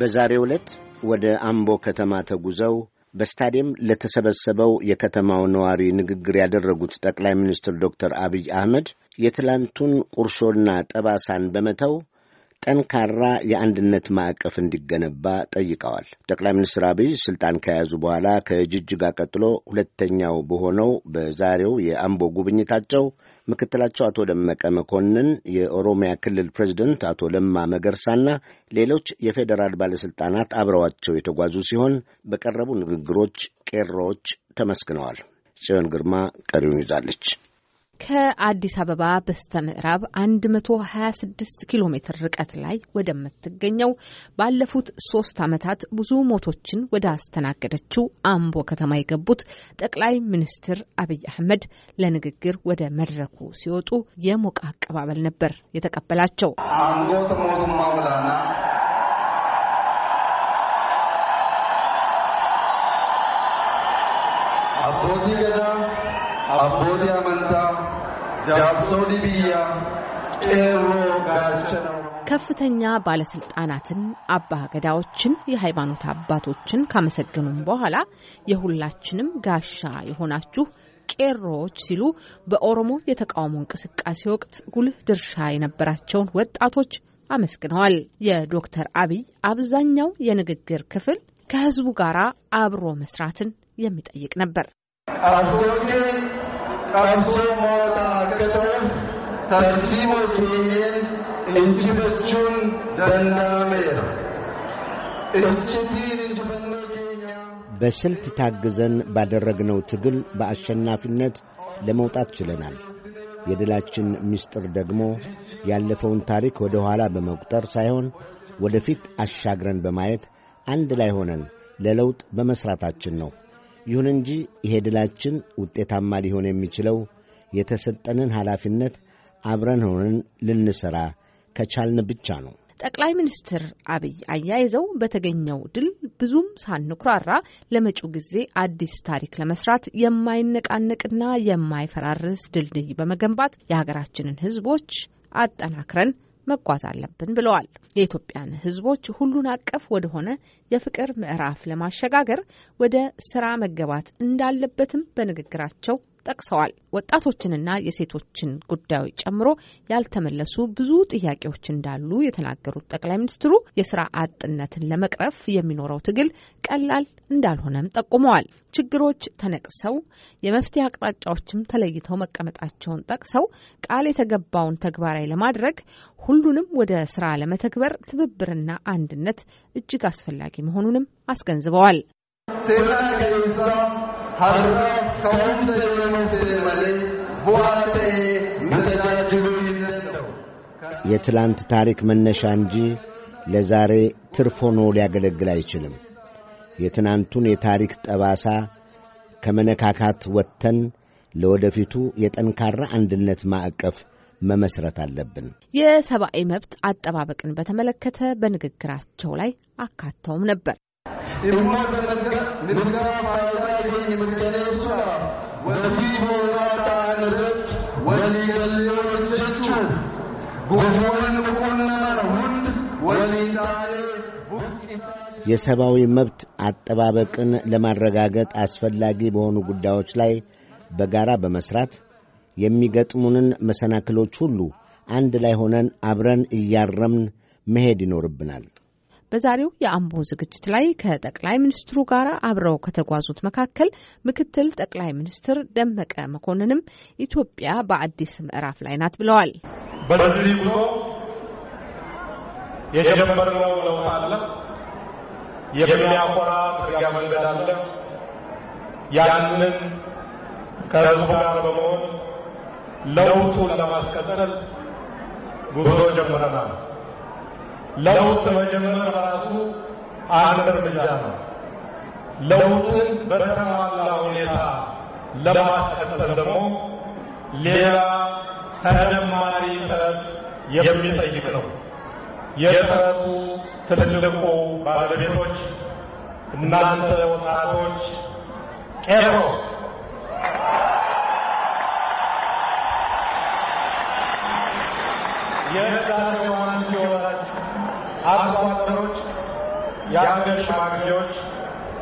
በዛሬው ዕለት ወደ አምቦ ከተማ ተጉዘው በስታዲየም ለተሰበሰበው የከተማው ነዋሪ ንግግር ያደረጉት ጠቅላይ ሚኒስትር ዶክተር አብይ አህመድ የትላንቱን ቁርሾና ጠባሳን በመተው ጠንካራ የአንድነት ማዕቀፍ እንዲገነባ ጠይቀዋል። ጠቅላይ ሚኒስትር አብይ ስልጣን ከያዙ በኋላ ከጅጅጋ ቀጥሎ ሁለተኛው በሆነው በዛሬው የአምቦ ጉብኝታቸው ምክትላቸው አቶ ደመቀ መኮንን፣ የኦሮሚያ ክልል ፕሬዚደንት አቶ ለማ መገርሳና ሌሎች የፌዴራል ባለሥልጣናት አብረዋቸው የተጓዙ ሲሆን በቀረቡ ንግግሮች ቄሮዎች ተመስግነዋል። ጽዮን ግርማ ቀሪውን ይዛለች። ከአዲስ አበባ በስተ ምዕራብ 126 ኪሎ ሜትር ርቀት ላይ ወደምትገኘው ባለፉት ሶስት ዓመታት ብዙ ሞቶችን ወደ አስተናገደችው አምቦ ከተማ የገቡት ጠቅላይ ሚኒስትር አብይ አህመድ ለንግግር ወደ መድረኩ ሲወጡ የሞቀ አቀባበል ነበር የተቀበላቸው። አቦቲ ገዳ አቦቲ አመንታ ከፍተኛ ባለስልጣናትን፣ አባ ገዳዎችን፣ የሃይማኖት አባቶችን ካመሰገኑም በኋላ የሁላችንም ጋሻ የሆናችሁ ቄሮዎች ሲሉ በኦሮሞ የተቃውሞ እንቅስቃሴ ወቅት ጉልህ ድርሻ የነበራቸውን ወጣቶች አመስግነዋል። የዶክተር አብይ አብዛኛው የንግግር ክፍል ከህዝቡ ጋር አብሮ መስራትን የሚጠይቅ ነበር። akka injifachuun danda'ameera. injifannoo በስልት ታግዘን ባደረግነው ትግል በአሸናፊነት ለመውጣት ችለናል። የድላችን ምስጢር ደግሞ ያለፈውን ታሪክ ወደ ኋላ በመቁጠር ሳይሆን ወደፊት አሻግረን በማየት አንድ ላይ ሆነን ለለውጥ በመሥራታችን ነው። ይሁን እንጂ ይሄ ድላችን ውጤታማ ሊሆን የሚችለው የተሰጠንን ኃላፊነት አብረን ሆነን ልንሠራ ከቻልን ብቻ ነው። ጠቅላይ ሚኒስትር አብይ አያይዘው በተገኘው ድል ብዙም ሳንኩራራ ለመጪው ጊዜ አዲስ ታሪክ ለመስራት የማይነቃነቅና የማይፈራርስ ድልድይ በመገንባት የሀገራችንን ሕዝቦች አጠናክረን መጓዝ አለብን ብለዋል። የኢትዮጵያን ህዝቦች ሁሉን አቀፍ ወደሆነ የፍቅር ምዕራፍ ለማሸጋገር ወደ ስራ መገባት እንዳለበትም በንግግራቸው ጠቅሰዋል። ወጣቶችንና የሴቶችን ጉዳዮች ጨምሮ ያልተመለሱ ብዙ ጥያቄዎች እንዳሉ የተናገሩት ጠቅላይ ሚኒስትሩ የስራ አጥነትን ለመቅረፍ የሚኖረው ትግል ቀላል እንዳልሆነም ጠቁመዋል። ችግሮች ተነቅሰው የመፍትሄ አቅጣጫዎችም ተለይተው መቀመጣቸውን ጠቅሰው ቃል የተገባውን ተግባራዊ ለማድረግ ሁሉንም ወደ ስራ ለመተግበር ትብብርና አንድነት እጅግ አስፈላጊ መሆኑንም አስገንዝበዋል። har'a ka'umsa yommuu ta'e malee bu'a የትላንት ታሪክ መነሻ እንጂ ለዛሬ ትርፍ ሆኖ ሊያገለግል አይችልም። የትናንቱን የታሪክ ጠባሳ ከመነካካት ወጥተን ለወደፊቱ የጠንካራ አንድነት ማዕቀፍ መመስረት አለብን። የሰብአዊ መብት አጠባበቅን በተመለከተ በንግግራቸው ላይ አካተውም ነበር። የሰብአዊ መብት አጠባበቅን ለማረጋገጥ አስፈላጊ በሆኑ ጉዳዮች ላይ በጋራ በመሥራት የሚገጥሙንን መሰናክሎች ሁሉ አንድ ላይ ሆነን አብረን እያረምን መሄድ ይኖርብናል። በዛሬው የአምቦ ዝግጅት ላይ ከጠቅላይ ሚኒስትሩ ጋር አብረው ከተጓዙት መካከል ምክትል ጠቅላይ ሚኒስትር ደመቀ መኮንንም ኢትዮጵያ በአዲስ ምዕራፍ ላይ ናት ብለዋል። በዚህ ጉዞ የጀመርነው ለውጥ አለ፣ የሚያኮራ ትርጋ መንገድ አለ። ያንን ከህዝቡ ጋር በመሆን ለውጡን ለማስቀጠል ጉዞ ጀምረናል። ለውጥ መጀመር ራሱ አንድ እርምጃ ነው። ለውጥን በተሟላ ሁኔታ ለማስቀጠል ደግሞ ሌላ ተደማሪ ጥረት የሚጠይቅ ነው። የጥረቱ ትልልቁ ባለቤቶች እናንተ ወጣቶች ቄሮ የዳር አምባሳደሮች፣ አደሮች፣ የአገር ሽማግሌዎች፣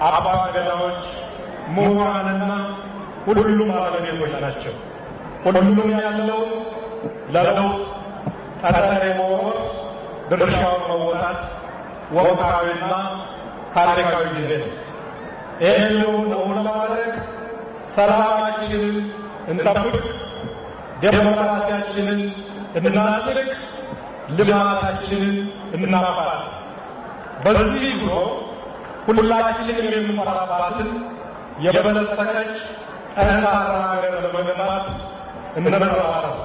አባገዳዎች፣ ምሁራንና ሁሉም ባለቤቶች ናቸው። ሁሉም ያለው ለለውጥ ጠጠር የመሆን ድርሻውን መወጣት ወቅታዊና ታሪካዊ ጊዜ ነው። ይህን እውን ለማድረግ ሰላማችንን እንጠብቅ፣ ዴሞክራሲያችንን እናጥብቅ። ልማታችንን እናፋል። በዚህ ጉዞ ሁላችንም የምንመራባትን የበለጸገች ጠንካራ ሀገር ለመገንባት እንመራለን።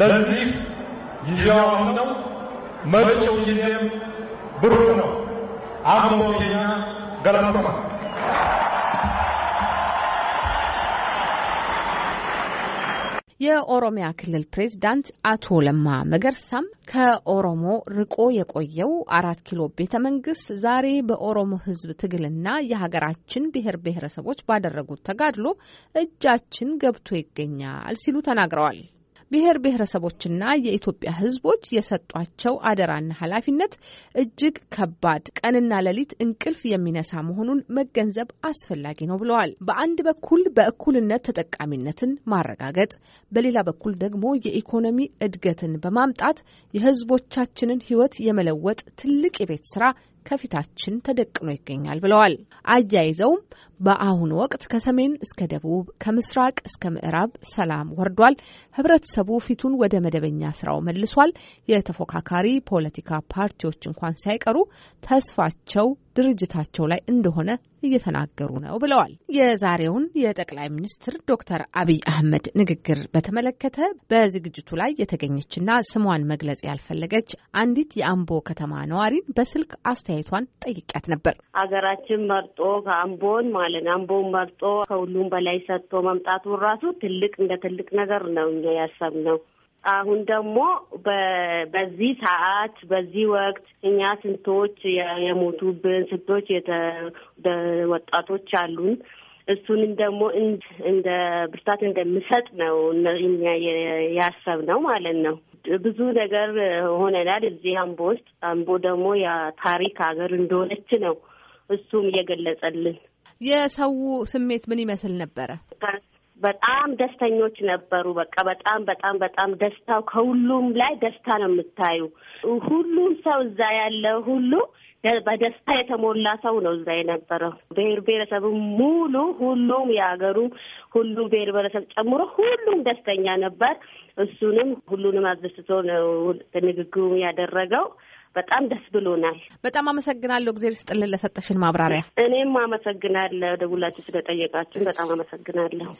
ለዚህ ጊዜው ነው። መጪው ጊዜም ብሩህ ነው። አምቦ ገኛ ገለመማ የኦሮሚያ ክልል ፕሬዝዳንት አቶ ለማ መገርሳም ከኦሮሞ ርቆ የቆየው አራት ኪሎ ቤተ መንግስት ዛሬ በኦሮሞ ሕዝብ ትግልና የሀገራችን ብሔር ብሔረሰቦች ባደረጉት ተጋድሎ እጃችን ገብቶ ይገኛል ሲሉ ተናግረዋል። ብሔር ብሔረሰቦችና የኢትዮጵያ ሕዝቦች የሰጧቸው አደራና ኃላፊነት እጅግ ከባድ፣ ቀንና ሌሊት እንቅልፍ የሚነሳ መሆኑን መገንዘብ አስፈላጊ ነው ብለዋል። በአንድ በኩል በእኩልነት ተጠቃሚነትን ማረጋገጥ፣ በሌላ በኩል ደግሞ የኢኮኖሚ እድገትን በማምጣት የሕዝቦቻችንን ሕይወት የመለወጥ ትልቅ የቤት ስራ ከፊታችን ተደቅኖ ይገኛል ብለዋል። አያይዘውም በአሁኑ ወቅት ከሰሜን እስከ ደቡብ ከምስራቅ እስከ ምዕራብ ሰላም ወርዷል። ህብረተሰቡ ፊቱን ወደ መደበኛ ስራው መልሷል። የተፎካካሪ ፖለቲካ ፓርቲዎች እንኳን ሳይቀሩ ተስፋቸው ድርጅታቸው ላይ እንደሆነ እየተናገሩ ነው ብለዋል። የዛሬውን የጠቅላይ ሚኒስትር ዶክተር አብይ አህመድ ንግግር በተመለከተ በዝግጅቱ ላይ የተገኘችና ስሟን መግለጽ ያልፈለገች አንዲት የአምቦ ከተማ ነዋሪን በስልክ አስተያየቷን ጠይቂያት ነበር። ሀገራችን መርጦ ከአምቦን ማለት ነው። አምቦውን መርጦ ከሁሉም በላይ ሰጥቶ መምጣቱ ራሱ ትልቅ እንደ ትልቅ ነገር ነው እኛ ያሰብነው። አሁን ደግሞ በዚህ ሰዓት በዚህ ወቅት እኛ ስንቶች የሞቱብን ስንቶች ወጣቶች አሉን። እሱንም ደግሞ እንደ ብርታት እንደሚሰጥ ነው እኛ ያሰብነው ማለት ነው። ብዙ ነገር ሆነናል እዚህ አምቦ ውስጥ። አምቦ ደግሞ የታሪክ ሀገር እንደሆነች ነው እሱም እየገለጸልን የሰው ስሜት ምን ይመስል ነበረ? በጣም ደስተኞች ነበሩ። በቃ በጣም በጣም በጣም ደስታው ከሁሉም ላይ ደስታ ነው የምታዩ። ሁሉም ሰው እዛ ያለ ሁሉ በደስታ የተሞላ ሰው ነው እዛ የነበረው። ብሔር ብሔረሰቡ ሙሉ ሁሉም የሀገሩ ሁሉም ብሔር ብሔረሰብ ጨምሮ ሁሉም ደስተኛ ነበር። እሱንም ሁሉንም አስደስቶ ነው ንግግሩ ያደረገው። በጣም ደስ ብሎናል። በጣም አመሰግናለሁ። እግዜር ስጥልን ለሰጠሽን ማብራሪያ። እኔም አመሰግናለሁ። ደውላችሁ ስለጠየቃችሁ በጣም አመሰግናለሁ።